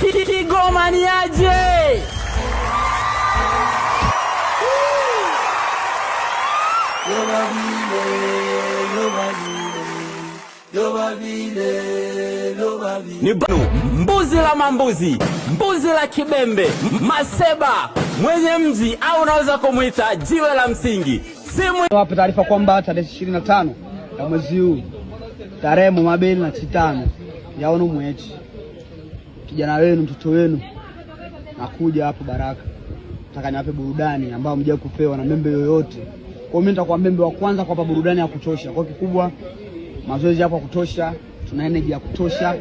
Kigoma ni mbuzi la mambuzi, mbuzi la kibembe, maseba mwenye mji, au unaweza kumwita jiwe la msingi. Simu taarifa kwamba tarehe ishirini na tano ya mwezi huu tarehe mumabili na chitano yaono mwechi kijana wenu, mtoto wenu, nakuja hapo Baraka, nataka niwape burudani ambayo mja kupewa na membe yoyote. Kwa mimi nitakuwa membe wa kwanza kwa burudani ya kutosha. Kwa kikubwa, mazoezi hapo ya kutosha, tuna energy ya kutosha.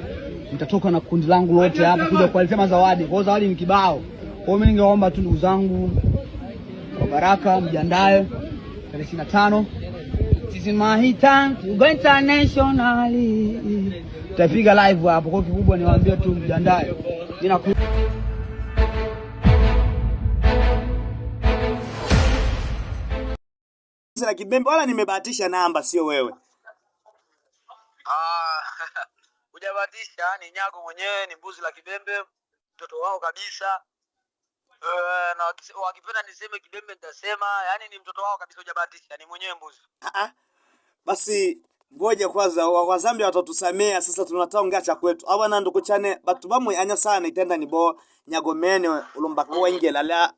Nitatoka na kundi langu lote hapa kuja kuwaletea mazawadi. Kwa zawadi ni kibao. Kwa mimi ningeomba tu ndugu zangu wa Baraka, mjiandae tarehe na tano sisi mahita tuko international, tutapiga live hapo. Kwa kikubwa niwaambie tu mjandae na kibembe, wala nimebahatisha namba, sio wewe. Ah, hujabahatisha, ni Nyago mwenyewe, ni mbuzi la kibembe, mtoto wao kabisa. Uh, na wakipenda niseme kibembe nitasema, yani ni mtoto wao kabisa, hujabahatisha, ni mwenyewe mbuzi. Ah, ah. basi ngoja kwanza wa Zambia watatusamea sasa, tunatanga cha kwetu abana ndukuchane batu bamwe anya sana itenda ni bo nyagomene ulomba ulombakuwa wengi mm. lala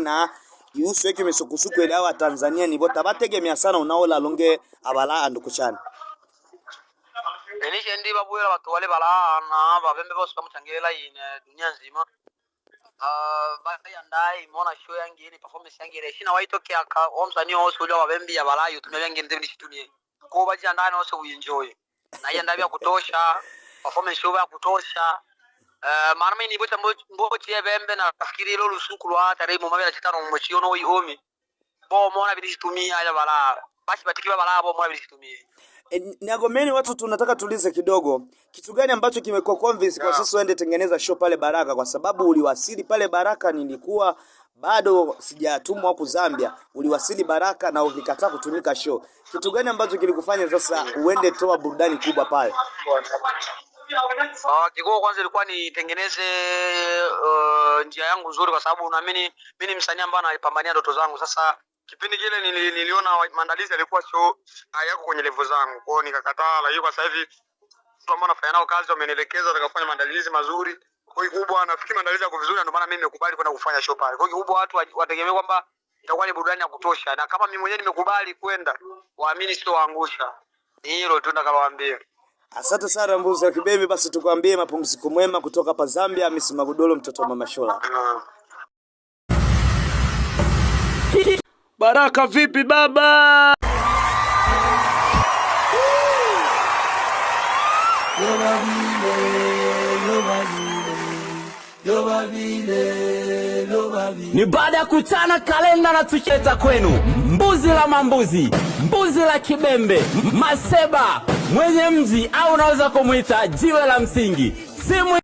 na yusu yake misukusuku ile wa Tanzania ni nibo tabategemea sana unaola longe abala ndugu chane enishe ndi babuela watu wale balana bavembe bose bamutangelela ine dunia nzima Ah, bayandaye imona show yange ni performance yange ile shina waitoke aka omsani wose ule wabembi ya balayo tumye yange ndebi shitumye ko bajandaye wose uyenjoy na yanda bya kutosha performance yo ya kutosha uh, eh, mara mimi nibo tambo mbo tie bembe na fikiri lo lusuku lwa tare mu mabera chitano mu chiono wi homi bo mona bidishitumia ya bala basi batikiba balabo mwa bidishitumia E, eh, Nyagomeni watu tunataka tulize kidogo. Kitu gani ambacho kimekuwa convince kwa sisi uende tengeneza show pale Baraka, kwa sababu uliwasili pale Baraka, nilikuwa bado sijatumwa huku Zambia. Uliwasili Baraka na ukikataa kutumika show. Kitu gani ambacho kilikufanya sasa uende toa burudani kubwa pale? Uh, kikubwa kwanza ilikuwa nitengeneze uh, njia yangu nzuri, kwa sababu naamini mimi ni msanii ambaye anapambania ndoto zangu sasa kipindi kile nili, niliona maandalizi yalikuwa sio hayako kwenye level zangu, kwao nikakataa. Lakini kwa sasa hivi watu ambao nafanya nao kazi wamenielekeza watakafanya maandalizi mazuri. Kwa hiyo kubwa, nafikiri maandalizi yako vizuri, ndio maana mimi nimekubali kwenda kufanya show pale. Kwa hiyo kubwa, watu wategemea kwamba itakuwa ni burudani ya kutosha, na kama mimi mwenyewe nimekubali kwenda, waamini sio waangusha. Ni hilo tu nitakalowaambia. Asante sana Mbuzi wa kibebe, basi tukwambie mapumziko mwema kutoka pa Zambia. Hamisi Magodoro, mtoto wa Mama Shola. Baraka vipi baba? Ni baada ya kutana kalenda na tucheta kwenu, mbuzi la mambuzi, mbuzi la kibembe, maseba mwenye mji, au unaweza kumwita jiwe la msingi simu